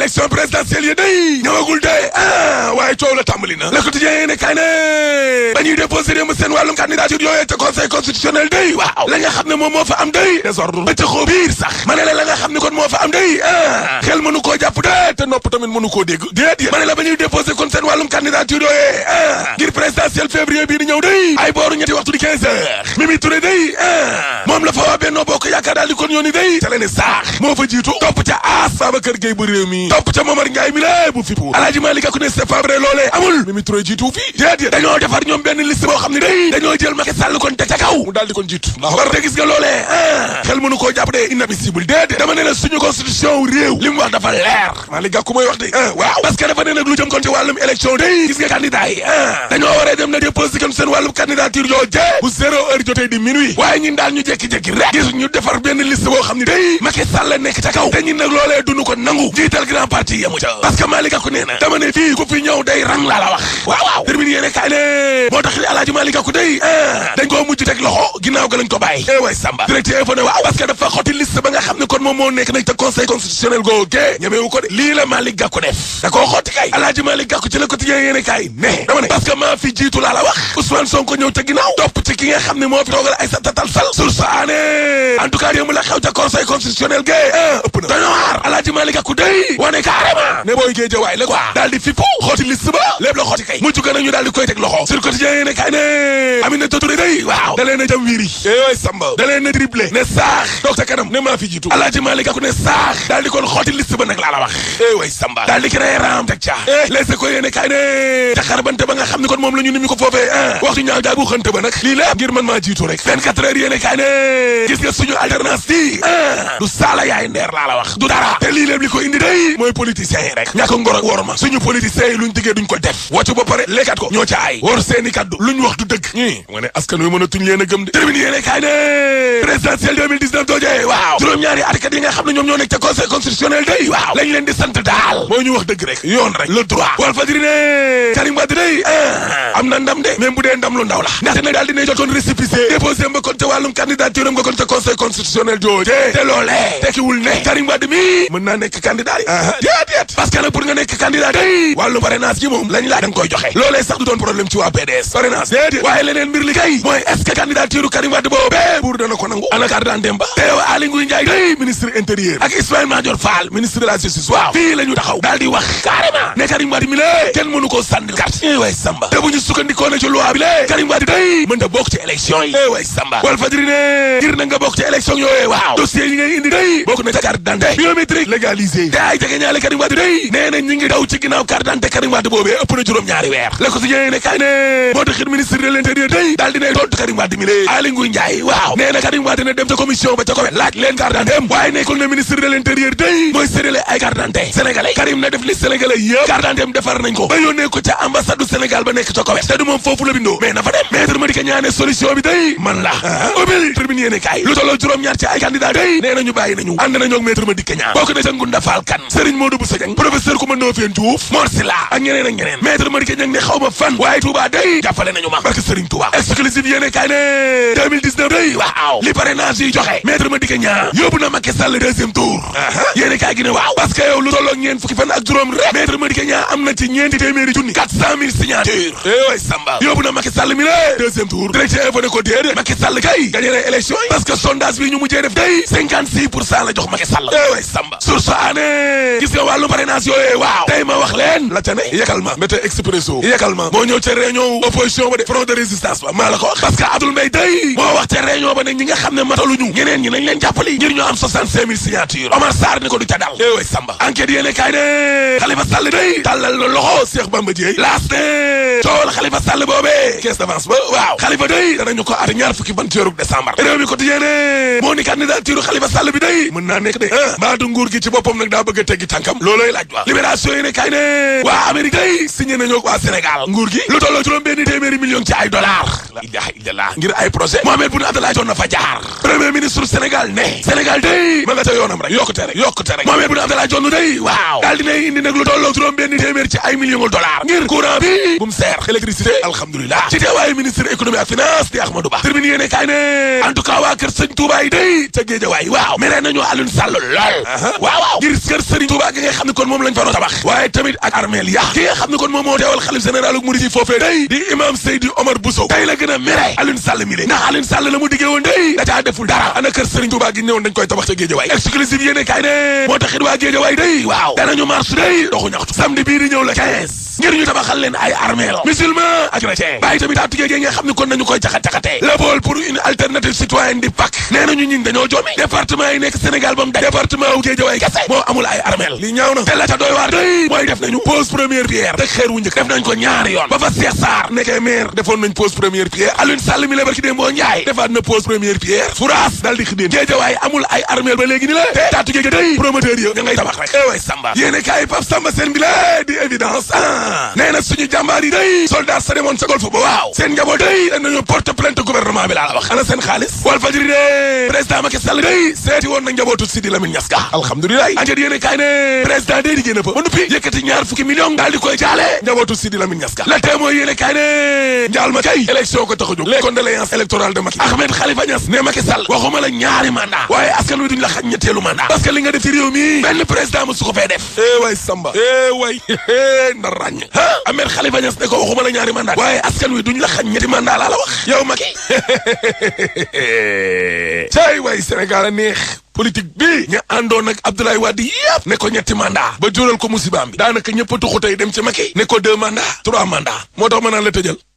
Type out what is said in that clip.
élection présidentielle yi day ñëwagul de ah waaye coow la tàmbali na le quotidien yéene kay ne ba ñuy déposé dem seen wàllum candidature yooyee te conseil constitutionnel day waaw la nga ne moo fa am day désordre ba ca xoo sax ma ne la la nga ne kon moo fa am day ah xel mënu koo jàpp de te nopp tamit mënu koo dégg déedéet ma ne la ba ñuy déposé kon seen wàllum candidature yooyee ah ngir présidentielle février bii di day ay booru ñetti waxtu di 15 topp ca Momar Ndiaye mi la bu fippu alaaji Malick Gakou ne c'est pas vrai loolee amul Mimi Touré jiitu fii déedéet dañoo defar ñoom benn liste xam ne day dañoo jël ah. leer Malick Gakou mooy wax de ah waaw lu jëm kon ci wàllum élection day gis nga candidat ah. dañoo waree dem na déposé kon seen wàllum candidature yoo bu zéro heure jotee di waaye ñun daal ñu jékki-jékki rek gis ñu defar benn liste xam ne day Macky Sall nekk ca kaw te ñun nag grand parti yamu ca parce fii ku fi ñëw day rang laa la wax waaw waaw termine yéene kaay ne moo tax El Hadji Malick Gakou day ah mujj teg loxo ginnaaw ga lañ ko bàyyi eh way Samba directeur info ne waaw parce que xotti liste ba nga xam ne kon moom moo nekk nag te conseil constitutionnel googee ñemewu ko de lii la Malick Gakou def da xotti kay El Hadji Malick Gakou ci le quotidien yéene kaay ne dama ne maa fi jiitu laa la wax Ousmane en tout cas la xew ca conseil constitutionnel ga eh, ëpp alaaji Malick Gakou day wane carrément ne booy géej waay la quoi daal di fippu xooti liste ba lépp la xooti kay mujj ko nañu daal di koy teg loxo sur quotidien yéene kay ne Aminata Touré day waaw da leen a jam wiiri eh, yooyu samba da leen a ne saax toog kanam ne maa fi jiitu alaaji Malick Gakou ne saax daal di kon xooti liste ba nag laa la wax eh, yooyu samba daal di créé raam teg ca les écoles yéene kay ne taxar wax ju ñaaw jaagu xënte ba nag lii ngir mën maa jiitu rek 24 heures gis suñu alternance ah du saala yaay ndeer laa la wax du dara te lii li ko indi day mooy politiciens yi rek ñàkk ngor ak wor ma suñu politiciens yi luñ diggee duñ ko def wàccu ba pare lekkat ko ñoo ca ay wor seeni kaddu luñ wax dëgg ñi nga ne askan mën a tuñ leen a gëm de termine yéene kaay ne présidentielle 2019 doojee waaw juróom-ñaari atkat yi nga xam ne ñoom ñoo ndam lu ndaw la ndaxte nag daal dina jot kon récépissé déposé mba kon te wàllum candidature nga kon te conseil constitutionnel jooje te loolee tekkiwul ne Karim Wade mi mën naa nekk candidat yi déedéet parce que nag nga nekk candidat tey wàllum parrainage gi moom lañ laaj da koy joxe loolee sax du doon problème ci waa PDS parrainage déedéet waaye leneen mbir li kay mooy est-ce que candidature Karim Wade boobu dana ko ana carte d'identité mi la kenn mënu ne Karim Wade day mën da bokk ci élection yi eh waaw dossier yi ngay indi day bokk na ca carte d'identité biométrique légalisé daay jege ñaale Karim Wade day nee na ñi ngi daw ci ginnaaw carte Karim Wade boobee ëpp na juróom ñaari weer la ko si yéene kaay ne moo de l'intérieur day daal dina tontu Karim Wade mi lée Aly Ngouille waaw nee na Karim Wade ne dem ca commission ba ca ko laaj leen carte d'identité waaye ne ko ba yónnee ko mais na fa dem maître ne solution bi day man la ah. ubbil tribune yéene kaay lu tolloo juróom-ñaar ci ay candidat na ma fan waaye deuxième tour yéene kaay gi ne waaw ak juróom rek maître Madické Niang am na ci ñeenti téeméeri junni 400 000 signatures yooyu eh Samba yóbbu na Macky Sall mi ne deuxième tour directeur info ne ko déedéet Macky Sall kay gagné na élection yi parce que sondage bi ñu mujjee def day cinquante six pour cent la jox Macky Sall eh way samba source aane gis nga wàllu parrainage yooyu waaw tey ma wax leen la ca ne yekkal ma méta expresso yekkal ma moo ñëw ca réunion opposition ba de front résistance ba maa la ko wax parce que Abdoul Mbaye day moo wax ca réunion ba ne ñi nga xam ne mataluñu ñeneen ñi am soixante cinq mille signatures Omar Sarr ne eh Khalifa Sall day coowal Khalifa Sall boobee caisse d'avance ba waaw Khalifa day danañu ko at ñaar fukki ban teeruk décembre réew mi quotidien moo ni ah. ci boppam nag daa bëgg a teggi tànkam looloy laaj waa libération yi ne kay ne waa Sénégal nguur gi lu tolloo juróom benn téeméeri million ci ay dollars la na fa jaar ministre Sénégal ne Sénégal day ma yoonam rek yokkute rek yokkute rek Mohamed Boun Abdallah Dionne day waaw daal dinay indi nag lu tolloo ak électricité alhamdulilah ci teewaayu ministre économie ak finance di Ahmadou Ba termine yéene kaay ne waa kër sëñ Touba yi day ca Géejawaay waaw uh-huh. waaw xam ne kon moom lañ fa doon tabax waaye xam ne kon moo teewal xalif général ak murid yi foofee day di imam Seydi Omar Bousso a mere Alioune Sall mi le ndax Alioune la mu diggee woon day da caa deful dara ana kër sëriñ Touba gi ñëwoon dañ koy tabax ca Géejawaay exclusive yéene kaay ne moo taxit waa Géejawaay day waaw danañu marche day doxu ñaxtu samedi bii di ñëw la 15 ngir ñu tabaxal leen ay armée musulman ak chrétien bàyyi tamit daa tugee nga xam ne kon nañu koy jaxat-jaxatee le pôle pour une alternative citoyenne di PAK nee nañu ñun dañoo joomi département yi nekk Sénégal ba mu daj département wu Guédiawaye kese moo amul ay armée li ñaaw na te la ca doy waar day mooy def nañu pose première pierre te xeer wu njëkk def nañ ko ñaari yoon ba fa Cheikh Sarr nekkee maire defoon nañ pose première pierre Alioune Sall mi lebar ki nee na suñu jàmbaar yi day soldat sa demoon sa golf ba waaw seen njaboot day dañu porte plainte gouvernement bi laa la wax ana seen xaalis wal fajiri de président Macky Sall day seeti woon na njabootu Sidi Lamine Niass ka alhamdulilah anjët yéene kaay ne président day di génn ba nuppi yëkkati ñaar fukki million daal koy jaale njabootu Sidi la témoin yéene kaay ne njaal ma kay élection ko tax a jóg les condoléances électorales de Macky Ahmed Khalifa xañ Ahmed Khalifa Niass ne ko waxuma la ñaari mandat waaye askan wi duñ la xañ ñetti mandat laa la wax yow ma ki waay Sénégal a neex politique bi ña àndoon ak Abdoulaye Wade yëpp nekko ñetti mandat ba jural ko musibaam bi daanaka ñëpp a tuxu dem ci Macky ne ko deux mandats trois mandats moo tax ma naan la tëjal